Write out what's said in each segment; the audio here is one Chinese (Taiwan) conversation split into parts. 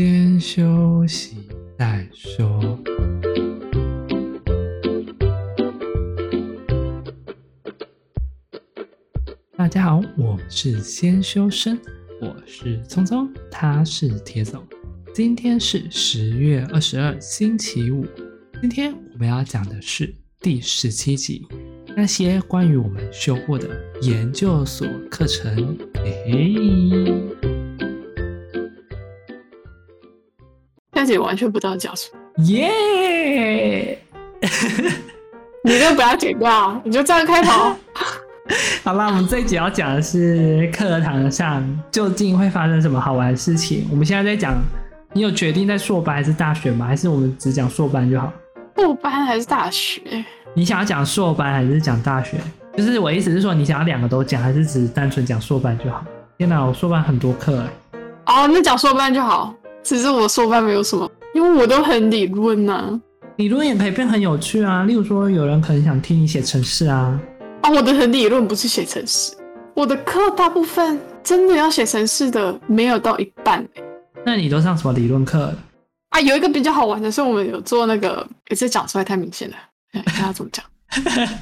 先休息再說。大家好，我是先修生，我是聰聰，他是鐵總。今天是十月二十二，星期五。今天我們要講的是第十七集，那些關於我們修過的研究所課程。嘿嘿自己完全不知道講什麼耶，Yeah! 你就不要警告，你就這樣開頭。 好啦，我們這一集要講的是課堂上究竟會發生什麼好玩的事情。我們現在在講，你有決定在碩班還是大學嗎？還是我們只講碩班就好？碩班還是大學？你想要講碩班還是講大學？就是我意思是說，你想要兩個都講，還是只單純講碩班就好？天哪，我碩班很多課哦，oh, 那講碩班就好。其實我說班沒有什麼，因為我都很理論吶、啊。理論也可以變很有趣啊，例如說有人可能想聽你寫程式啊。啊，我的很理論不是寫程式，我的課大部分真的要寫程式的沒有到一半、欸、那你都上什麼理論課？啊，有一個比較好玩的是我們有做那個，也是講出來太明顯了，看，看他怎麼講。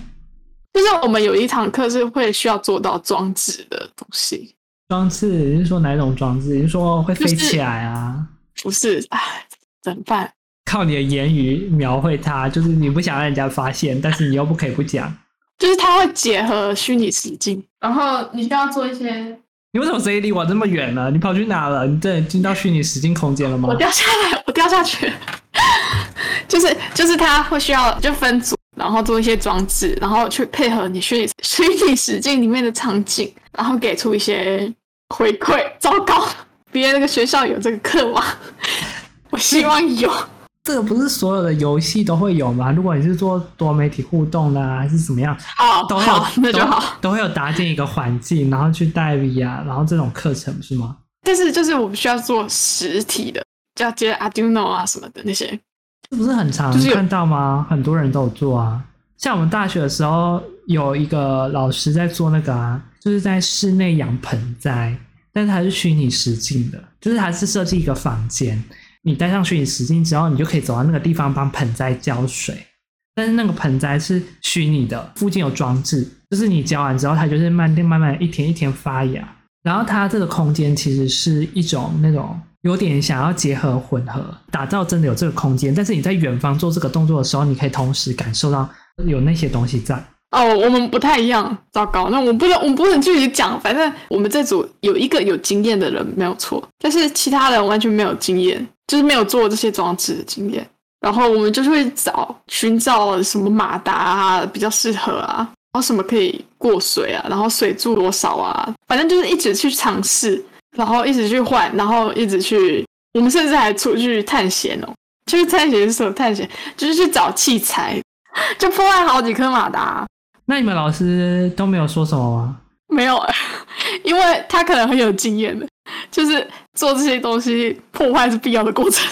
就是我們有一堂課是會需要做到裝置的東西。裝置你是說哪種裝置？你是說會飛起來啊？就是、不是，哎，怎麼辦？靠你的言語描繪它，就是你不想讓人家發現，但是你又不可以不講。就是它會結合虛擬實境，然後你需要做一些。你為什麼飛離我這麼遠呢？你跑去哪了？你真的進到虛擬實境空間了嗎？我掉下來，我掉下去、 就是。就是就是，它會需要就分組。然後做一些裝置，然後去配合你虛擬虛擬實境裡面的場景，然後給出一些回饋。糟糕，別那個學校有這個課嗎？我希望有。這個不是所有的遊戲都會有嗎？如果你是做多媒體互動的，還是怎麼樣，哦，都會有，好，都有，那就好，都會有搭建一個環境，然後去代理啊，然後這種課程是嗎？但是就是我們需要做實體的，就要接 Arduino 啊什麼的那些。這不是很常看到嗎？是很多人都有做啊。像我們大學的時候，有一個老師在做那個啊，就是在室內養盆栽，但是它是虛擬實境的，就是它是設計一個房間，你戴上虛擬實境之後，你就可以走到那個地方幫盆栽澆水，但是那個盆栽是虛擬的，附近有裝置，就是你澆完之後，它就是慢慢慢一天一天發芽。然後它這個空間其實是一種那種。有點想要結合混合，打造真的有這個空間。但是你在遠方做這個動作的時候，你可以同時感受到有那些東西在。哦，oh, 我們不太一樣，糟糕。那我們不能，我們不能具體講。反正我們這組有一個有經驗的人沒有錯，但是其他人完全沒有經驗，就是沒有做這些裝置的經驗。然後我們就是會找，尋找什麼馬達啊，比較適合啊，然後什麼可以過水啊，然後水柱多少啊，反正就是一直去嘗試。然後一直去換，然後一直去，我們甚至還出去探險哦。就是探險是什麼探險？就是去找器材，就破壞好幾顆馬達。那你們老師都沒有說什麼嗎？沒有，因為他可能很有經驗的，就是做這些東西破壞是必要的過程，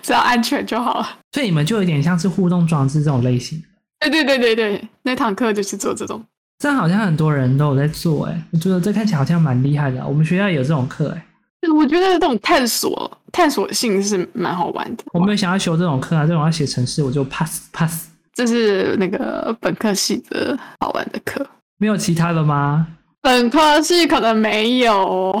只要安全就好了。所以你們就有點像是互動裝置這種類型。對對對對對，那堂課就是做這種。這樣好像很多人都有在做哎，我覺得這看起來好像蠻厲害的。我們學校有這種課哎，我覺得這種探索探索性是蠻好玩的。我沒有想要修這種課啊，這種要寫程式我就 pass pass。這是那個本科系的好玩的課，沒有其他的嗎？本科系可能沒有，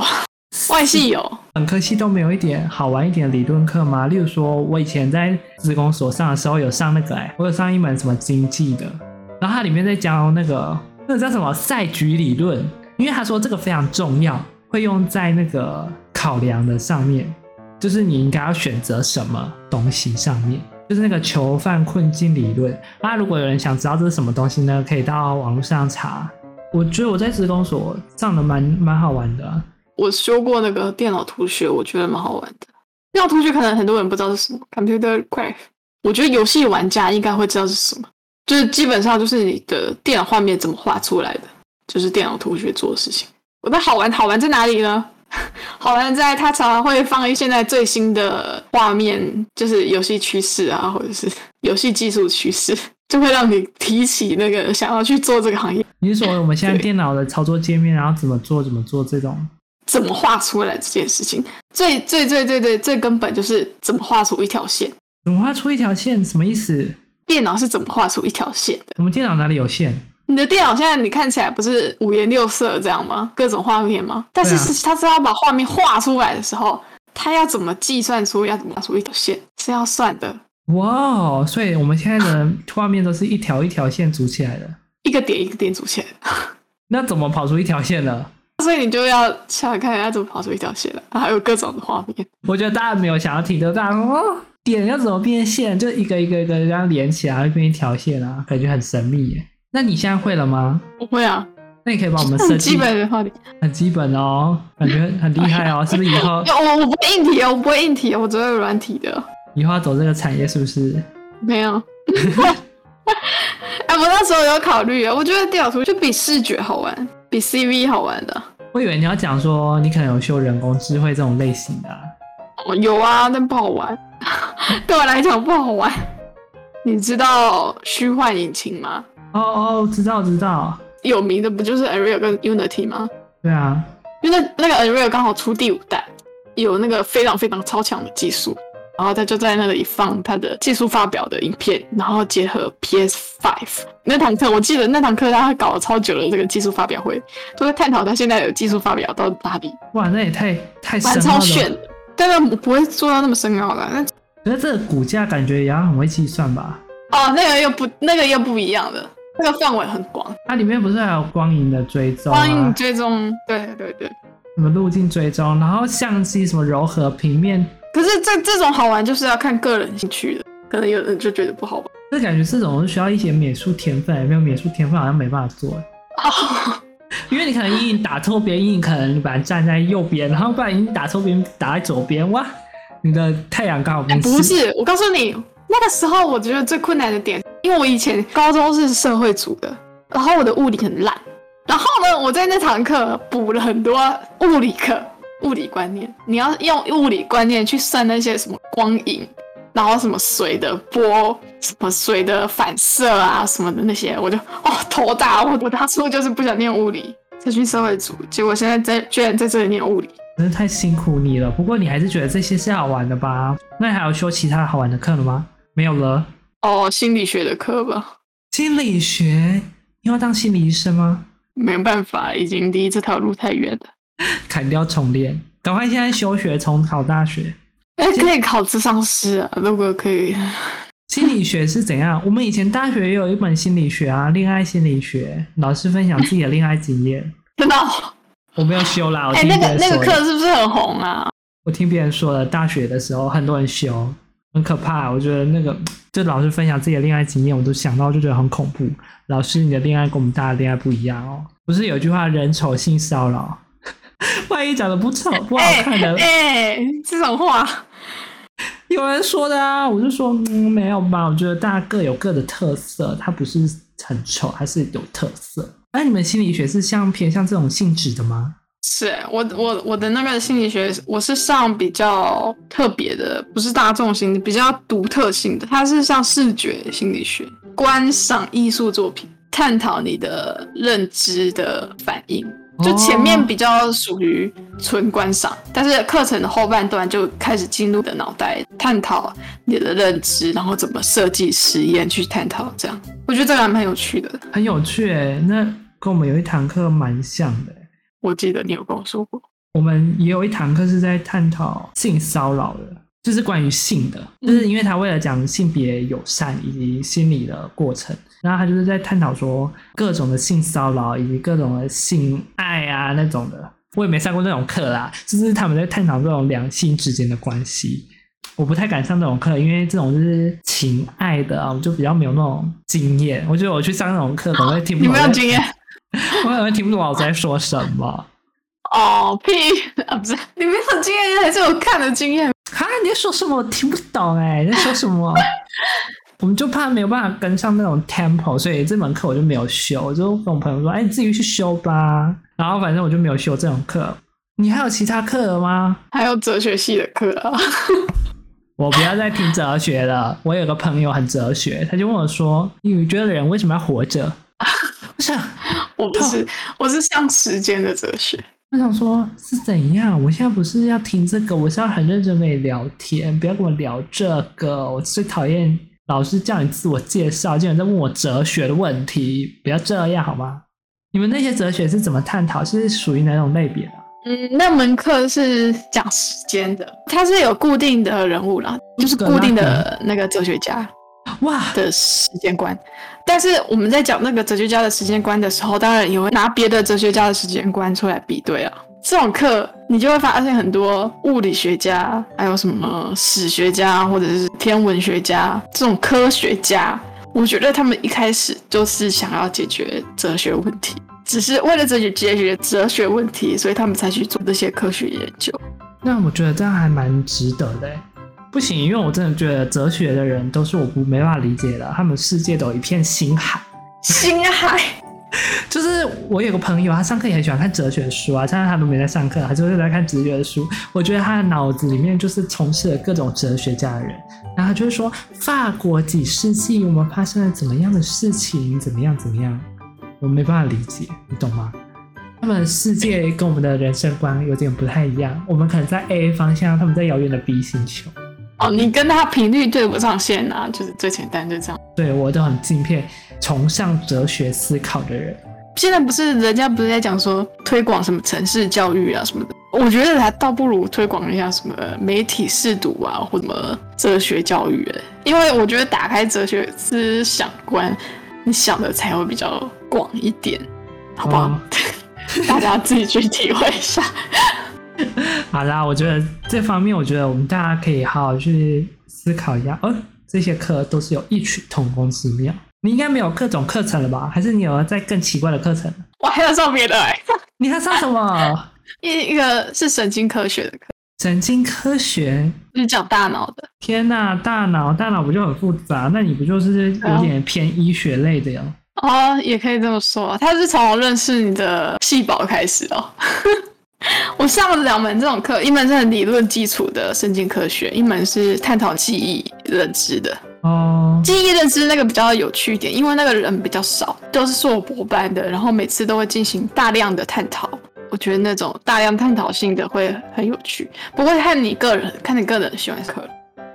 外系有。本科系都沒有一點好玩一點的理論課嗎？例如說，我以前在資工所上的時候有上那個哎，我有上一門什麼經濟的，然後它裡面在教那個。那個叫什麼？賽局理論。因為他說這個非常重要，會用在那個考量的上面，就是你應該要選擇什麼東西上面，就是那個囚犯困境理論。那如果有人想知道這是什麼東西呢，可以到網絡上查。我覺得我在職工所上的蠻蠻好玩的。我修過那個電腦圖學，我覺得蠻好玩的。電腦圖學可能很多人不知道是什麼，computer graph。我覺得遊戲玩家應該會知道是什麼。就是基本上就是你的電腦畫面怎麼畫出來的，就是電腦圖學做的事情。我的好玩好玩在哪裡呢？好玩在它常常會放一些現在最新的畫面，就是遊戲趨勢啊，或者是遊戲技術趨勢，就會讓你提起那個想要去做這個行業。你是說我們現在電腦的操作界面，對然後怎麼做怎麼做這種，怎麼畫出來這件事情？最最最最最最根本就是怎麼畫出一條線？怎麼畫出一條線？什麼意思？電腦是怎麼畫出一條線的？我們電腦哪裡有線？你的電腦現在你看起來不是五顏六色這樣嗎？各種畫面嗎？但是、啊、它是要把畫面畫出來的時候，它要怎麼計算出要怎麼畫出一條線，是要算的。哇哦！所以我們現在的畫面都是一條一條線組起來的， 一個點一個點組起來的 那怎麼跑出一條線呢？所以你就要想想看它怎麼跑出一條線來、啊。還有各種的畫面，我覺得大家沒有想要提的，這樣哦。 點要怎麼變線？就一個一個一個這樣連起來，會變一條線啊，感覺很神秘耶。那你現在會了嗎？我會啊。那你可以幫我們設計很基本的話很基本哦，感覺很厲害哦，是不是以後？我我不硬體哦，我不會硬體哦，我只會有軟體的。以後要走這個產業是不是？沒有。哎， 我那時候有考慮啊，我覺得電腦圖就比視覺好玩，比 CV 好玩的。我以為你要講說，你可能有修人工智慧這種類型的、啊。有啊，但不好玩。 對我來講不好玩。 你知道虛幻引擎嗎？哦哦、oh, oh，知道知道。有名的不就是 Unreal 跟 Unity 嗎？對啊，因為那那個 Unreal 剛好出第五代，有那個非常非常超強的技術。然後他就在那裡放他的技術發表的影片，然後結合 PS5 那堂課，我記得那堂課他搞了超久的這個技術發表會，都在探討他現在有技術發表到哪裡。哇，那也太太了的超炫了。但是不會做到那麼深奧的，那覺這個骨架感覺也要很會計算吧？哦，那個又不，那個又不一樣的，那個範圍很廣，它裡面不是還有光影的追蹤、啊？光影追蹤，對對對，什麼路徑追蹤，然後相機什麼柔和平面。可是這這種好玩就是要看個人興趣的，可能有人就覺得不好玩？就感覺這種是需要一些美術天分、欸，沒有美術天分好像沒辦法做、欸。哦。因為你可能陰影打錯邊，陰影可能你把它站在右邊，然後不然你打錯邊打在左邊，哇，你的太陽剛好變、欸、不是，我告訴你，那個時候我覺得最困難的點，因為我以前高中是社會組的，然後我的物理很爛，然後呢，我在那堂課補了很多物理課，物理觀念，你要用物理觀念去算那些什麼光影，然後什麼水的波。什麼水的反射啊，什麼的那些，我就哦頭大。我我當初就是不想念物理，再去社會組，結果現在在居然在這裡念物理。真的太辛苦你了。不過你還是覺得這些是好玩的吧？那你還有修其他好玩的課了嗎？沒有了。哦，心理學的課吧。心理學？你要當心理醫生嗎？沒有辦法，已經離這條路太遠了。砍掉重練，趕快現在休學，重考大學。哎，可以考諮商師啊，如果可以。心理學是怎樣？我們以前大學也有一本心理學啊，戀愛心理學，老師分享自己的戀愛經驗。真的，我沒有修啦。哎、欸，那個那個課是不是很紅啊？我聽別人說的，大學的時候很多人修，很可怕。我覺得那個，就老師分享自己的戀愛經驗，我都想到，就覺得很恐怖。老師，你的戀愛跟我們大家的戀愛不一樣哦。不是有句話，人醜性騷擾， 萬一長得不醜、不好看的，誒，這種話。有人說的啊，我就說，嗯，沒有吧？我覺得大家各有各的特色，它不是很醜，還是有特色。那、啊、你們心理學是像偏像這種性質的嗎？是，我我我的那個心理學，我是上比較特別的，不是大眾心理比較獨特性的。它是上視覺心理學，觀賞藝術作品，探討你的認知的反應。就前面比較屬於純觀賞，oh. 但是課程的後半段就開始進入你的腦袋，探討你的認知，然後怎麼設計實驗去探討。這樣，我覺得這個還蠻有趣的，很有趣、欸。誒。那跟我們有一堂課蠻像的、欸，我記得你有跟我說過，我們也有一堂課是在探討性騷擾的。就是關於性的，就是因為他為了講性別友善以及心理的過程，嗯、然後他就是在探討說各種的性騷擾以及各種的性愛啊那種的。我也沒上過那種課啦，就是他們在探討這種兩性之間的關係。我不太敢上這種課，因為這種就是情愛的啊，我就比較沒有那種經驗。我覺得我去上那種課，可能會聽不懂、哦。你沒有經驗，我可能會聽不懂我在說什麼。哦屁啊，不是你沒有經驗，還是我看的經驗？啊、你在說什麼？我聽不懂哎！你在說什麼？ 我們就怕沒有辦法跟上那種 tempo，所以這門課我就沒有修。我就跟我朋友說：“哎、欸，你自己去修吧。”然後反正我就沒有修這種課。你還有其他課嗎？還有哲學系的課、啊。 我不要再聽哲學了。我有個朋友很哲學，他就問我說：“你覺得人為什麼要活着？” 我想我不是，痛我是像時間的哲學。我想說是怎樣？我現在不是要聽這個，我是要很認真跟你聊天，不要跟我聊這個。我最討厭老師叫你自我介紹，竟然在問我哲學的問題，不要這樣好嗎？你們那些哲學是怎麼探討？是屬於哪種類別的啊？嗯，那門課是講時間的，它是有固定的人物啦，就是固定的那個哲學家。哇的時間觀，但是我們在講那個哲學家的時間觀的時候，當然也會拿別的哲學家的時間觀出來比對啊。這種課你就會發現，很多物理學家，還有什麼史學家或者是天文學家這種科學家，我覺得他們一開始就是想要解決哲學問題，只是為了解決哲學問題，所以他們才去做這些科學研究。那我覺得這樣還蠻值得的欸。不行，因為我真的覺得哲學的人都是我不沒辦法理解的，他們世界都有一片星海。星海， 就是我有個朋友、啊，他上課也很喜歡看哲學書啊，但是他都沒在上課、啊，他就是在看哲學書。我覺得他的腦子裡面就是充斥了各種哲學家的人，然後他就會說，法國幾世紀，我們發生了怎麼樣的事情，怎麼樣怎麼樣，我沒辦法理解，你懂嗎？他們世界跟我們的人生觀有點不太一樣，我們可能在 A 方向，他們在遙遠的 B 星球。.哦，你跟他頻率對不上線啊，就是最簡單就這樣。對，我都很敬佩崇尚哲學思考的人。現在不是人家不是在講說推廣什麼城市教育啊什麼的？我覺得還倒不如推廣一下什麼媒體識讀啊，或什麼哲學教育。因為我覺得打開哲學思想觀，你想的才會比較廣一點，好不好？嗯、 大家自己去體會一下。好啦，我覺得這方面，我覺得我們大家可以好好去思考一下。哦，這些課都是有異曲同工之妙。你應該沒有各種課程了吧？還是你有在更奇怪的課程？我還要上別的哎、欸，你還上什麼？一 一個是神經科學的課。神經科學是講大腦的。天哪，大腦，大腦不就很複雜？那你不就是有點偏醫學類的喲、啊、哦，也可以這麼說、啊、他是從認識你的細胞開始哦。 我上了兩門這種課，一門是很理論基礎的神經科學，一門是探討記憶認知的。哦，oh, 記憶認知那個比較有趣一點，因為那個人比較少，都是碩博班的，然後每次都會進行大量的探討。我覺得那種大量探討性的會很有趣，不過看你個人，看你個人喜歡課。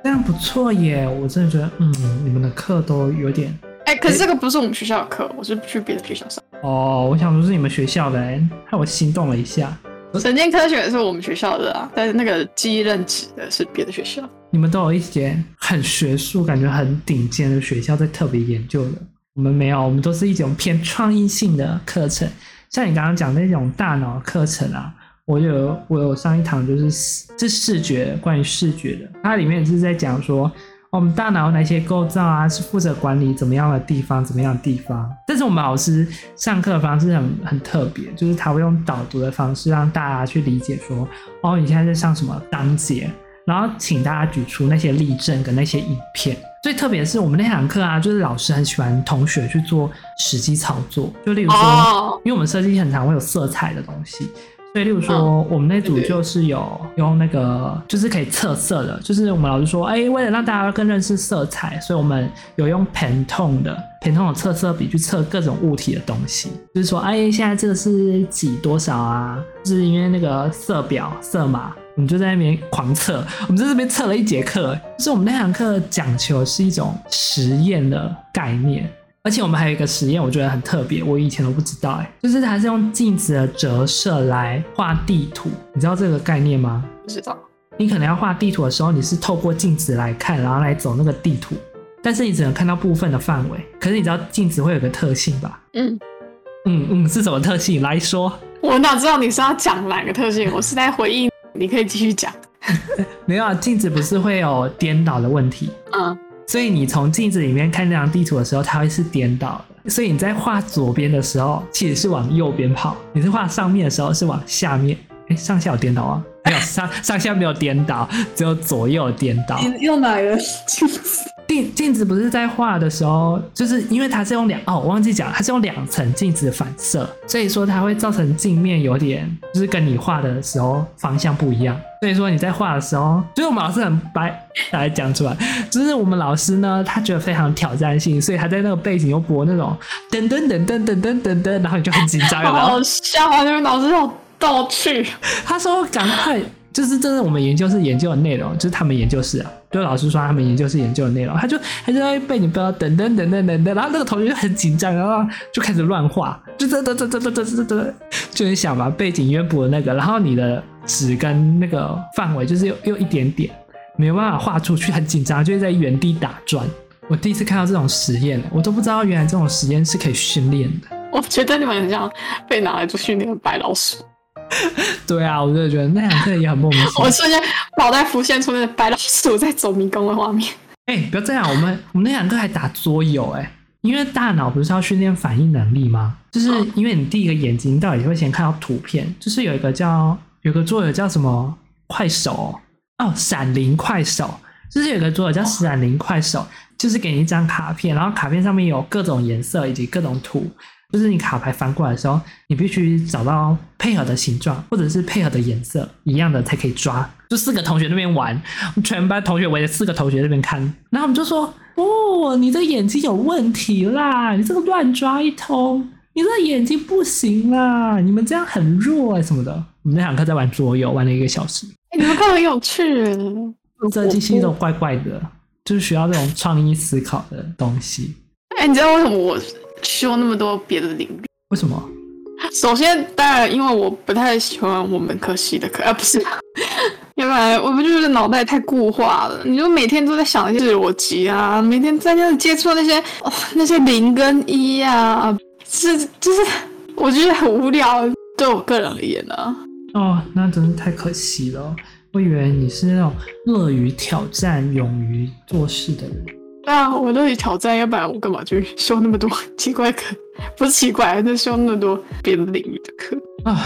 這樣不錯耶，我真的覺得，嗯，你們的課都有點……哎、欸，可是這個不是我們學校的課，欸、我是去別的學校上。哦，oh, 我想說，是你們學校的，害我心動了一下。神經科學是我們學校的啊，但是那個記憶認知的是別的學校。你們都有一些很學術、感覺很頂尖的學校在特別研究的，我們沒有，我們都是一種偏創意性的課程。像你剛剛講的那種大腦課程啊，我有我有上一堂就是視視覺關於視覺的，它裡面是在講說。哦，我們大腦有哪些構造啊？是負責管理怎麼樣的地方，怎麼樣的地方？但是我們老師上課的方式很很特別，就是他會用導讀的方式讓大家去理解說，說哦，你現在在上什麼章節，然後請大家舉出那些例證跟那些影片。最特別是我們那堂課啊，就是老師很喜歡同學去做實際操作，就例如說，哦，因為我們設計很常會有色彩的東西。所以，例如說，我們那組就是有用那個，就是可以測色的。就是我們老師說，哎，為了讓大家更認識色彩，所以我們有用 Pantone 的 Pantone 測色筆去測各種物體的東西。就是說，哎，現在這個是幾多少啊？就是因為那個色表色碼，我們就在那邊狂測。我們在這邊測了一節課，就是我們那堂課講求是一種實驗的概念。而且我們還有一個實驗，我覺得很特別，我以前都不知道誒、欸，就是它是用鏡子的折射來畫地圖，你知道這個概念嗎？不知道。你可能要畫地圖的時候，你是透過鏡子來看，然後來走那個地圖，但是你只能看到部分的範圍。可是你知道鏡子會有個特性吧？嗯嗯嗯，是什麼特性？來說。我哪知道你是要講哪個特性？我是在回應， 你可以繼續講。 沒有啊，鏡子不是會有顛倒的問題？嗯。所以你從鏡子裡面看這張地圖的時候，它會是顛倒的。所以你在畫左邊的時候，其實是往右邊跑；你是畫上面的時候，是往下面。哎、欸，上下有顛倒啊？沒 有上上下沒有顛倒，只有左右顛倒。你用哪個鏡子？ 鏡鏡子不是在畫的時候，就是因為它是用兩哦，我忘記講，它是用兩層鏡子的反射，所以說它會造成鏡面有點，就是跟你畫的時候方向不一樣。所以說你在畫的時候，就是我們老師很白，把它講出來，就是我們老師呢，他覺得非常挑戰性，所以他在那個背景又播那種噔噔噔噔噔噔噔噔噔噔，然後你就很緊張。好笑啊，那個老師好逗趣，他說趕快。就是，這是我們研究室研究的內容，就是他們研究室、啊，就老師說他們研究室研究的內容，他就，他就在被你不要等等等等等等。然後那個同學就很緊張，然後就開始亂畫，就等等等等等等等等就很想把背景淵博的那個，然後你的紙跟那個範圍就是又又一點點，沒有辦法畫出去，很緊張，就在原地打轉。我第一次看到這種實驗，我都不知道原來這種實驗是可以訓練的。我覺得你們很像被拿來做訓練的白老鼠。 對啊，我就覺得那兩個也很莫名其妙。 我瞬間腦袋浮現出那個白老鼠在走迷宮的畫面。哎、 欸，不要這樣，我們我們那兩個還打桌遊哎，因為大腦不是要訓練反應能力嗎？就是因為你第一個眼睛到底會先看到圖片，就是有一個叫有一個桌遊叫什麼快手哦，哦、閃靈快手，就是有一個桌遊叫閃靈快手，哦、就是給你一張卡片，然後卡片上面有各種顏色以及各種圖。就是你卡牌翻過來的時候，你必須找到配合的形狀或者是配合的顏色一樣的才可以抓。就四個同學那邊玩，我們全班同學圍着四個同學那邊看，然後我們就說：“哦，你這眼睛有問題啦！你這個亂抓一通，你這眼睛不行啦！你們這樣很弱、欸、什麼的。”我們那堂課在玩桌遊，玩了一個小時。欸、你們看，很有趣、欸，設計 是一種怪怪的，就是需要這種創意思考的東西。哎、欸，你知道為什麼我修那麼多別的領域，為什麼？首先，當然，因為我不太喜歡我們可惜的科啊，不是，要不然我們就是腦袋太固化了。你就每天都在想那些邏輯啊，每天在那接觸那些、哦、那些零跟一啊，是就是我覺得很無聊，對我個人而言呢。哦，那真是太可惜了。我以為你是那種樂於挑戰、勇於做事的人。對啊，我都裡挑戰，要不然我幹嘛去修那麼多奇怪課？不奇怪，就是修那麼多別的領域的課啊。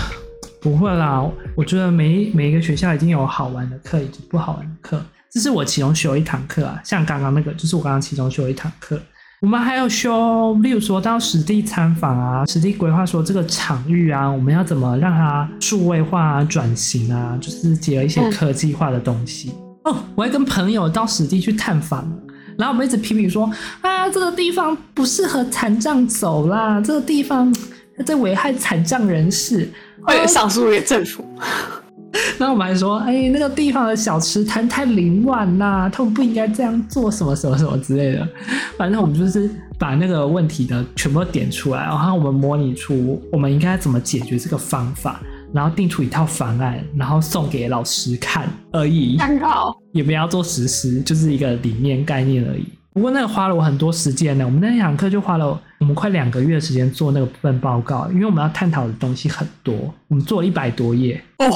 不會啦，我覺得每每一個學校一定有好玩的課，以及不好玩的課。這是我其中修一堂課啊，像剛剛那個，就是我剛剛其中修一堂課。我們還要修，例如說到實地參訪啊，實地規劃說這個場域啊，我們要怎麼讓它數位化、轉型啊，就是結合一些科技化的東西、嗯、哦。我還跟朋友到實地去探訪、啊。然後我們一直批評說：“啊，這個地方不適合殘障走啦，這個地方在危害殘障人士，會對、啊、上訴給政府。”然後我們還說：“哎，那個地方的小吃攤太凌亂啦，他們不應該這樣做，什麼什麼什麼之類的。”反正我們就是把那個問題的全部點出來，然後我們模擬出我們應該怎麼解決這個方法。然後定出一套方案，然後送給老師看而已，參考，也不要做實施，就是一個理念概念而已。不過那個花了我很多時間呢，我們那一堂課就花了我們快兩個月的時間做那個部分報告，因為我們要探討的東西很多，我們做了一百多頁哦，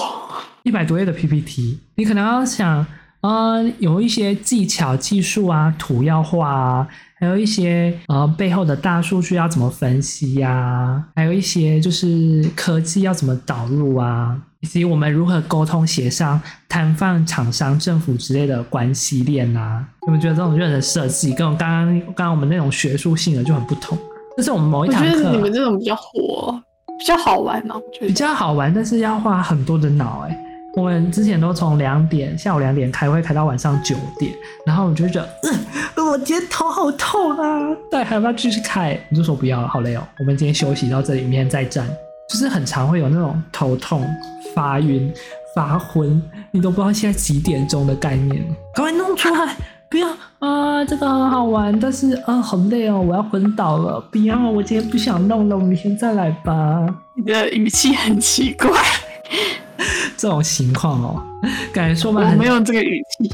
一百多頁的 PPT，你可能要想，啊、呃、有一些技巧、技術啊，圖要畫啊。還有一些呃，後背後的大數據要怎麼分析呀、啊？還有一些就是科技要怎麼導入啊？以及我們如何溝通協商攤販、放廠商、政府之類的關係鏈呢、啊？你們覺得這種內容設計跟我剛剛剛剛我們那種學術性的就很不同、啊。但是我們某一堂課、啊。我覺得你們這種比較活，比較好玩呢、啊？我覺得比較好玩，但是要花很多的腦哎、欸。我們之前都從兩點下午兩點開會開到晚上九點，然後我就覺得，嗯、呃呃，我今天頭好痛啊！對，還要不要繼續開？你就說不要了，好累哦。我們今天休息到這裡，明天再戰。就是很常會有那種頭痛、發暈、發昏，你都不知道現在幾點鐘的概念。趕快弄出來！不要啊，這個很好玩，但是啊，好累哦，我要昏倒了。不要，我今天不想弄了，我們明天再來吧。你的語氣很奇怪。 這種情況哦，感覺說班很沒有這個語氣，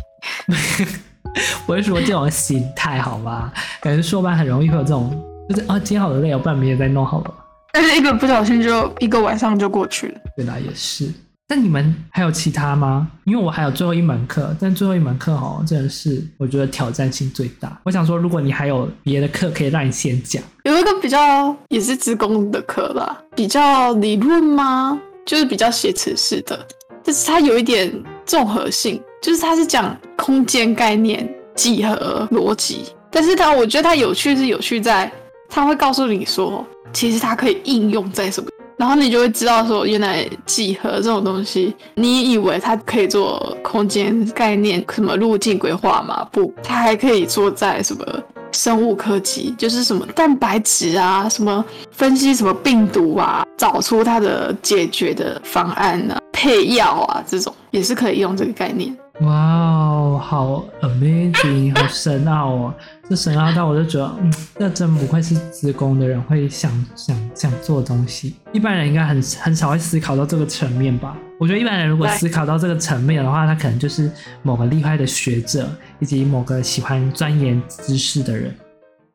我是說這種心態好嗎？感覺說班很容易會有這種，就是啊，今天好累哦，我不然明天再弄好了。但是一個不小心就一個晚上就過去了。對吧、啊？也是。那你們還有其他嗎？因為我還有最後一門課，但最後一門課哦，真的是我覺得挑戰性最大。我想說，如果你還有別的課可以讓你先講。有一個比較也是職工的課吧，比較理論嗎？就是比較寫詞式的，就是它有一點綜合性，就是它是講空間概念、幾何、邏輯。但是它，我覺得它有趣是有趣在，它會告訴你說，其實它可以應用在什麼，然後你就會知道說，原來幾何這種東西，你以為它可以做空間概念，什麼路徑規劃嗎？不，它還可以做在什麼？生物科技就是什麼蛋白質啊，什麼分析什麼病毒啊，找出它的解決的方案啊，配藥啊，這種也是可以用這個概念。哇哦，好 amazing，好深奧，啊、 哦！這深奧到我就覺得，嗯，那真不愧是理工的人會想想想做的東西。一般人應該很很少會思考到這個層面吧？我覺得一般人如果思考到這個層面的話，對他可能就是某個厲害的學者。以及某個喜歡鑽研知識的人，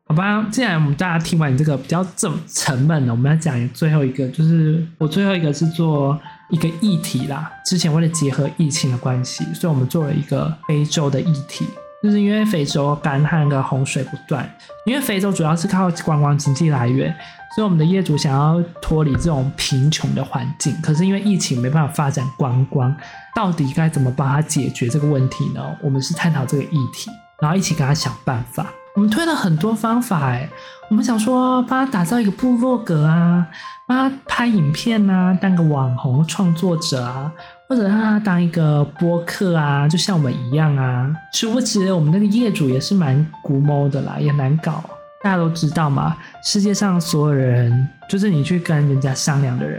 好吧。既然我們大家聽完這個比較正沉悶的，我們要講最後一個，就是我最後一個是做一個議題啦。之前為了結合疫情的關係，所以我們做了一個非洲的議題。就是因為非洲乾旱跟洪水不斷，因為非洲主要是靠觀光經濟來源，所以我們的業主想要脫離這種貧窮的環境，可是因為疫情沒辦法發展觀光，到底該怎麼幫他解決這個問題呢？我們是探討這個議題，然後一起跟他想辦法。我們推了很多方法，欸，我們想說幫他打造一個部落格啊。他拍影片吶、啊，當個網紅創作者啊，或者讓他當一個播客啊，就像我們一樣啊。殊不知，我們那個業主也是蠻龜毛的啦，也難搞。大家都知道嘛，世界上所有人，就是你去跟人家商量的人，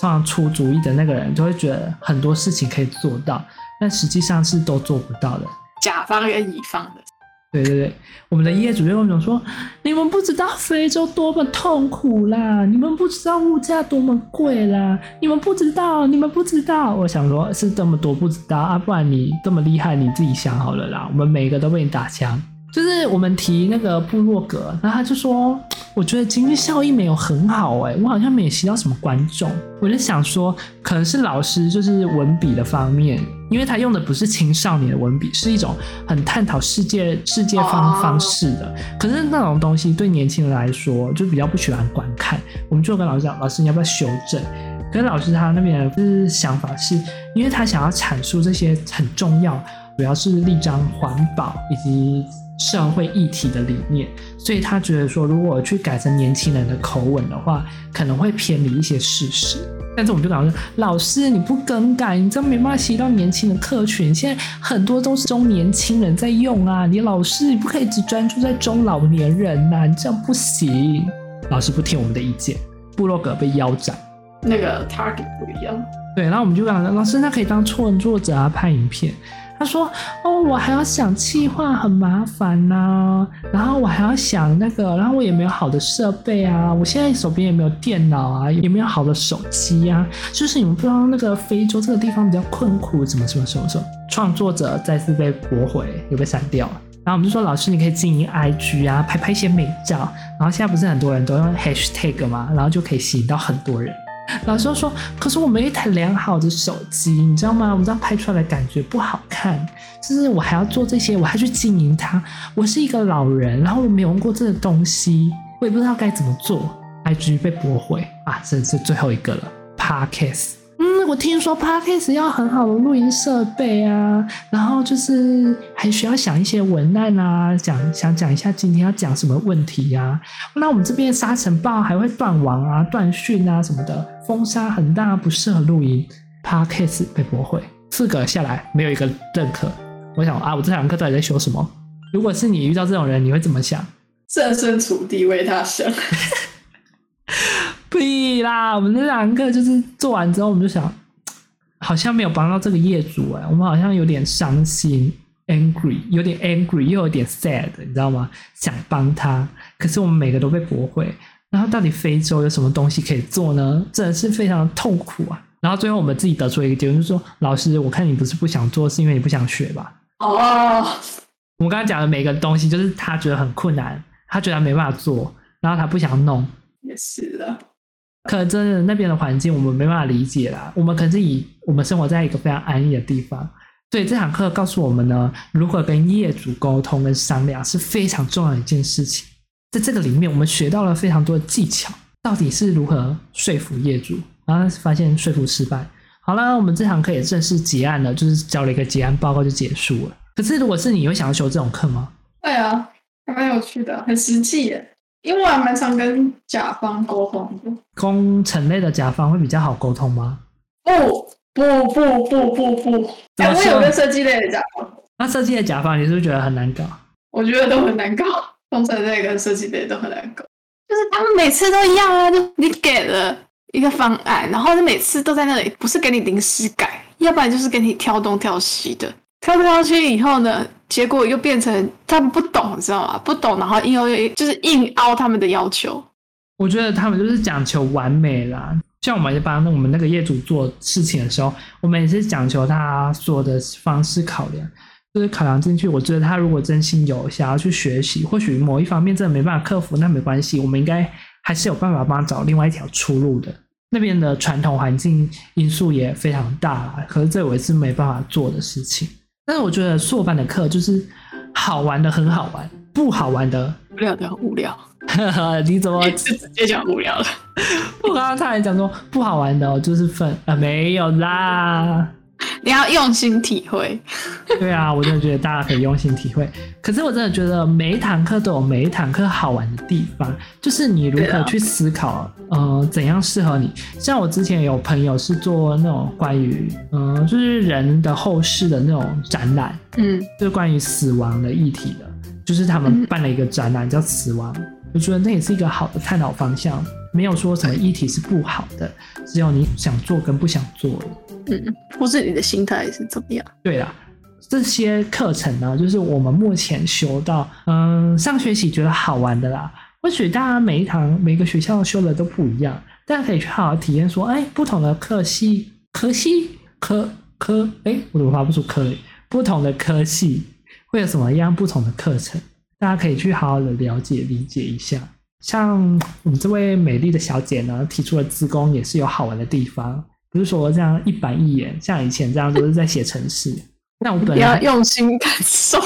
常常出主意的那個人，就會覺得很多事情可以做到，但實際上是都做不到的。甲方跟乙方的。對對對，我們的業主就跟我們說，你們不知道非洲多麼痛苦啦，你們不知道物價多麼貴啦，你們不知道，你們不知道。我想說，是這麼多不知道啊，不然你這麼厲害，你自己想好了啦，我們每一個都被你打槍。就是我們提那個部落格，然後他就說：“我覺得經濟效益沒有很好，欸、我好像沒吸到什麼觀眾。”我就想說，可能是老師就是文筆的方面，因為他用的不是青少年的文筆，是一種很探討世界世界方方式的。可是那種東西對年輕人來說就比較不喜歡觀看。我們就跟老師講：“老師，你要不要修正？”可是老師他那邊就是想法是，因為他想要闡述這些很重要。主要是立張環保以及社會議題的理念，所以他覺得說，如果去改成年輕人的口吻的話，可能會偏離一些事實。但是我們就講說，老師你不更改，你這樣沒辦法吸引到年輕的客群。現在很多都是中年輕人在用啊，你老師你不可以只專注在中老年人吶、啊，你這樣不行。老師不聽我們的意見，部落格被腰斬。那個 target 不一樣。對，然後我們就講說，老師他可以當創作者啊，拍影片。他說：“哦，我還要想企劃，很麻煩吶、啊。然後我還要想那個，然後我也沒有好的設備啊。我現在手邊也沒有電腦啊，也沒有好的手機呀、啊。就是你們不知道那個非洲這個地方比較困苦，怎麼什麼什麼什麼。什麼什麼什麼”，創作者再次被駁回，又被刪掉了。然後我們就說：“老師，你可以經營 IG 啊，拍拍一些美照。然後現在不是很多人都用 Hashtag 嘛，然後就可以吸引到很多人。”老師說：“可是我沒有一台良好的手機，你知道嗎？我們這樣拍出來的感覺不好看，就是我還要做這些，我還去經營它。我是一個老人，然後我沒有用過這個東西，我也不知道該怎麼做。IG 被駁回啊，這是，是最後一個了。Park ” Parkes。我聽說 Podcast 要很好的錄音設備啊，然後就是還需要想一些文案啊，講想講一下今天要講什麼問題呀、啊。那我們這邊沙塵暴還會斷網啊、斷訊啊什麼的，風沙很大，不適合錄音。Podcast 被駁回，四個下來沒有一個認可。我想啊，我這堂課到底在修什麼？如果是你遇到這種人，你會怎麼想？設身處地為他想。 啊，我們那兩個就是做完之後，我們就想，好像沒有幫到這個業主哎，我們好像有點傷心，angry，有點 angry，又有點 sad，你知道嗎？想幫他，可是我們每個都被駁回。然後到底非洲有什麼東西可以做呢？真的是非常痛苦啊。然後最後我們自己得出一個結論，就是說老師，我看你不是不想做，是因為你不想學吧？哦，oh. 我們剛剛講的每個東西，就是他覺得很困難，他覺得他沒辦法做，然後他不想弄。也是的。可是真的那邊的環境，我們沒辦法理解啦。我們可是以我們生活在一個非常安逸的地方，所以這堂課告訴我們呢，如何跟業主溝通跟商量是非常重要的一件事情。在這個裡面，我們學到了非常多的技巧，到底是如何說服業主，然後發現說服失敗。好了，我們這堂課也正式結案了，就是交了一個結案報告就結束了。可是如果是你，你會想要修這種課嗎？對啊，還蠻有趣的，很實際耶。因為我還蠻常跟甲方溝通的，工程類的甲方會比較好溝通嗎？不不不不不不，也會有個設計類的甲方。那、啊、設計的甲方，你是不是覺得很難搞？我覺得都很難搞，工程類跟設計類都很難搞。就是他們每次都一樣啊，就你給了一個方案，然後就每次都在那裡，不是給你臨時改，要不然就是給你挑東挑西的。看不下去以後呢，結果又變成他們不懂，你知道嗎？不懂，然後硬要就是硬凹他們的要求。我覺得他們就是講求完美啦。像我們一般，我們那個業主做事情的時候，我們也是講求他說的方式考量，就是考量進去。我覺得他如果真心有想要去學習，或許某一方面真的沒辦法克服，那沒關係，我們應該還是有辦法幫他找另外一條出路的。那邊的傳統環境因素也非常大，可是這我也是沒辦法做的事情。但是我覺得碩班的課就是好玩的很好玩，不好玩的無聊的很無聊。你怎麼直接講無聊了？我剛剛差點講說不好玩的哦、喔，就是憤啊，沒有啦。你要用心體會。 對啊，我真的覺得大家可以用心體會。可是我真的覺得每一堂課都有每一堂課好玩的地方，就是你如何去思考，啊、呃，怎樣適合你。像我之前有朋友是做那種關於，嗯、呃，就是人的後世的那種展覽，嗯，就是關於死亡的議題的，就是他們辦了一個展覽叫《死亡》，嗯，我覺得那也是一個好的探討方向。沒有說什麼一體是不好的，只有你想做跟不想做。嗯，或是你的心態是怎麼樣？對啦，這些課程呢，就是我們目前修到，嗯，上學期覺得好玩的啦。或許大家每一堂、每個學校修的都不一樣，大家可以去好好體驗說，哎，不同的科系、科系、科科，哎，我怎麼發不出科？不同的科系會有什麼樣不同的課程？大家可以去好好的了解、理解一下。像我們這位美麗的小姐呢，提出了資工也是有好玩的地方，不是說這樣一板一眼，像以前這樣都是在寫程式。 那我不能，你要用心感受，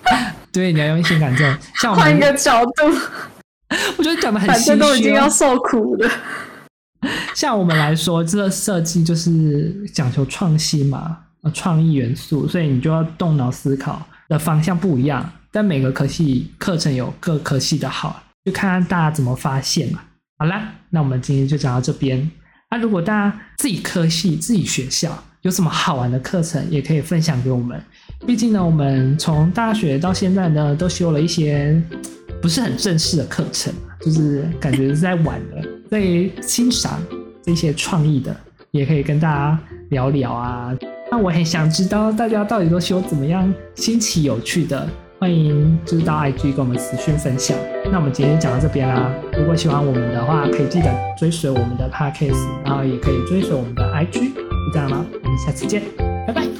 對，你要用心感受。換一個角度，我覺得講的很，反正都已經要受苦了。像我們來說，這個設計就是講求創新嘛，創、呃、意元素，所以你就要動腦思考，的方向不一樣。但每個科系課程有各科系的好。就看看大家怎麼發現嘛。好啦，那我們今天就講到這邊。那、啊、如果大家自己科系、自己學校有什麼好玩的課程，也可以分享給我們。畢竟呢，我們從大學到現在呢，都修了一些不是很正式的課程，就是感覺是在玩的，在欣賞這些創意的，也可以跟大家聊聊啊。那我很想知道大家到底都修怎麼樣新奇有趣的。歡迎知道 IG 跟我們私訊分享。那我們今天就講到這邊啦，如果喜歡我們的話，可以記得追隨我們的 Podcast，然後也可以追隨我們的 IG。就這樣了，我們下次見，拜拜。